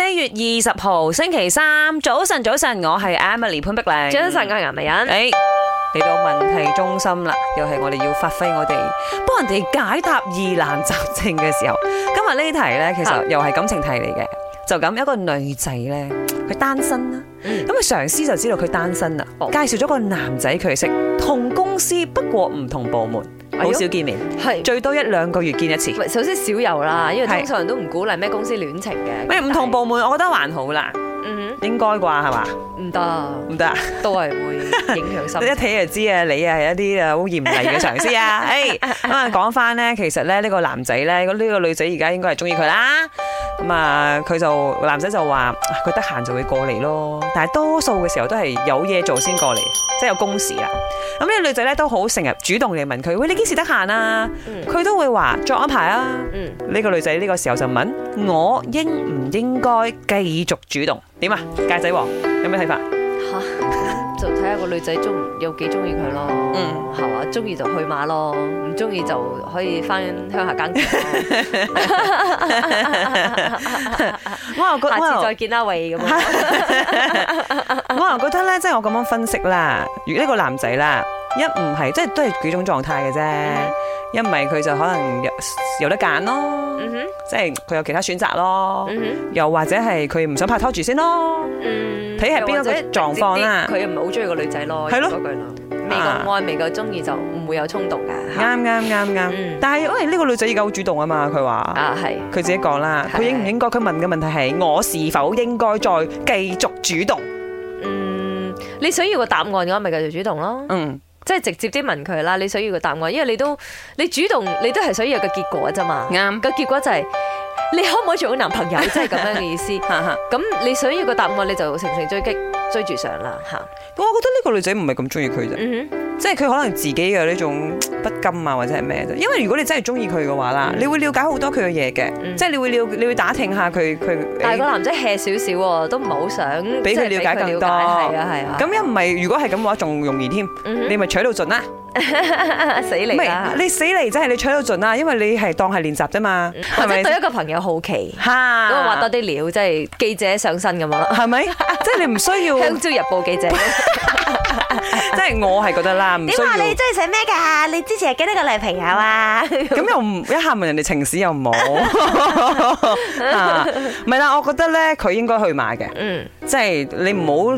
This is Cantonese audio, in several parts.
四月二十號星期三早晨，早晨，我係 Emily 潘碧玲。早晨，我係顏麗欣。嚟、hey, 到問題中心啦，又係我哋要發揮我哋幫人哋解答疑難雜症嘅時候。今日呢題呢，其實又係感情題嚟嘅，就咁一個女仔呢，佢單身啦，咁啊上司就知道佢單身啦，介紹咗個男仔佢識，同公司不過唔同部門。好少見面，係最多一兩個月見一次。首先少有啦，因為通常都唔鼓勵咩公司戀情嘅。咩唔同部門，我覺得還好啦，嗯，應該啩係嘛？唔得，唔得，都係會影響心。一睇就知啊，你啊係一啲啊好嚴厲嘅上司啊。哎，咁啊講翻咧，其實咧呢個男仔咧，呢個女仔而家應該係中意佢啦。咁啊，佢就男仔就話佢得閒就會過嚟咯，但係多數嘅時候都係有嘢做先過嚟。即係有公事啦！咁呢個女仔咧都好成日主動嚟問佢，喂，你幾時得閒啊？佢、嗯、都會話作安排啊。呢、嗯這個女仔呢個時候就問：嗯、我應唔應該繼續主動？點啊？戒仔王有咩睇法？吓，就睇下個女仔中，有幾中意佢咯。嗯，係嘛，中意就去馬咯，唔中意就可以翻鄉下耕田 再、 啊啊。下次再見啦，慧 咁、啊 即係我咁樣分析啦，如果呢個男仔啦，一唔係即係都係幾種狀態嘅啫，一唔係佢就可能有有得揀咯，即係佢有其他選擇咯，又或者係佢唔想拍拖住先咯，睇係邊個嘅狀況啦。佢又唔係好中意個女仔咯，係咯嗰句咯，未夠愛，未夠中意就唔會有衝動㗎。啱啱啱啱，但係因為呢個女仔而家好主動啊嘛，佢話啊係，佢自己講啦，佢應唔應該？佢問嘅問題係我是否應該再繼續主動？你想要個答案嘅話，咪繼續主動咯，嗯，即係直接啲問佢啦。你想要個答案，因為你都你主動，你都係想要個結果啫嘛。啱，個結果就係、是、你可唔可以做佢男朋友，即係咁樣嘅意思。咁 你想要個答案，你就乘勝追擊，追住上啦。吓，我覺得呢個女仔唔係咁中意佢啫。嗯。即係佢可能自己嘅呢種不甘啊，或者係咩啫？因為如果你真係中意佢嘅話啦，你會了解好多佢嘅嘢嘅，即係你會了解你會打聽下佢佢。但係個男仔 hea 少少，都唔好想俾佢了解咁多。咁又唔係？如果係咁嘅話，仲容易添。你咪取到盡啦，死你你死嚟，真係你取到盡啦，因為你係當係練習啫嘛。係咪對一個朋友好奇吓，咁挖多啲料，即係記者上身咁咯，係咪？即係你唔需要《香蕉日報》記者。即係我係覺得啦，點話你真係寫咩噶？你之前係幾多個女朋友啊？咁又唔一下問人哋情史又唔好。唔係啦，我覺得咧佢應該去馬嘅，嗯，即係你唔好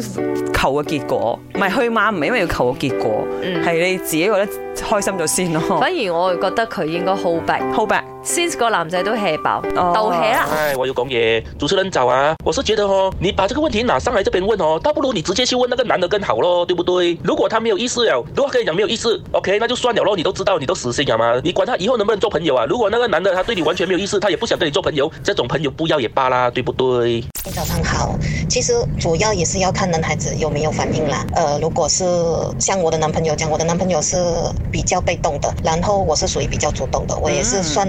求個結果，唔係去馬唔係因為要求個結果，嗯，係你自己覺得開心咗先咯。反而我覺得佢應該 hold back。hold back since 個男仔都 hea 飽都 hea 啦。唉、oh, 啊，Hi, 我有講嘢，主持人早啊。我是覺得哦，你把這個問題拿上來，這邊問哦，倒不如你直接去問那個男的更好咯，對不對？如果他沒有意思啊，如果可以講沒有意思，OK，那就算了咯。你都知道，你都死心啦嘛。你管他以後能不能做朋友啊？如果那個男的他對你完全沒有意思， 他也不想跟你做朋友，這種朋友不要也罷啦，對不對？早上好，其實主要也是要看男孩子有沒有反應啦。呃，如果是像我的男朋友講，我的男朋友是比較被動的，然後我是屬於比較主動的，我也是算。